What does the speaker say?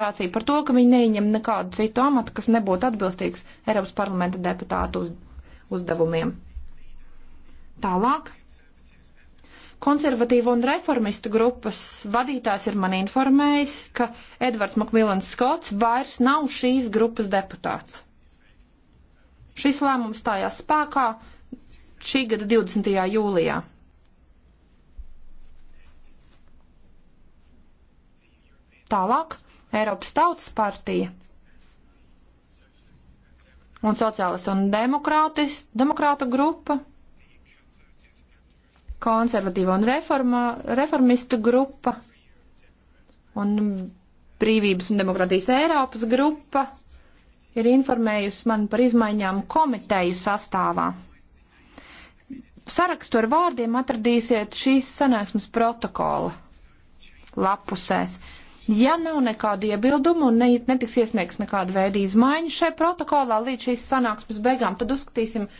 deklarāciju par to, ka viņi neņem nekādu citu amatu, kas nebūtu atbilstīgs Eiropas parlamenta deputātu uz, uzdevumiem. Tālāk. Konservatīvo un reformistu grupas vadītājs ir man informējis, ka Edvards Makmilans Skots vairs nav šīs grupas deputāts. Šis lēmums stājās spēkā šī gada 20. jūlijā. Tālāk Eiropas Tautas partija un sociālistu un demokrāta grupa, konservatīva un reforma, reformistu grupa un brīvības un demokrātijas Eiropas grupa ir informējusi mani par izmaiņām komiteju sastāvā. Sarakstu ar vārdiem atradīsiet šīs sanāksmes protokola lapusēs. Ja nav nekādu iebildumu un ne, netiks iesniegts nekāda veida izmaiņas šai protokolā līdz šīs sanāksmes beigām, tad uzskatīsim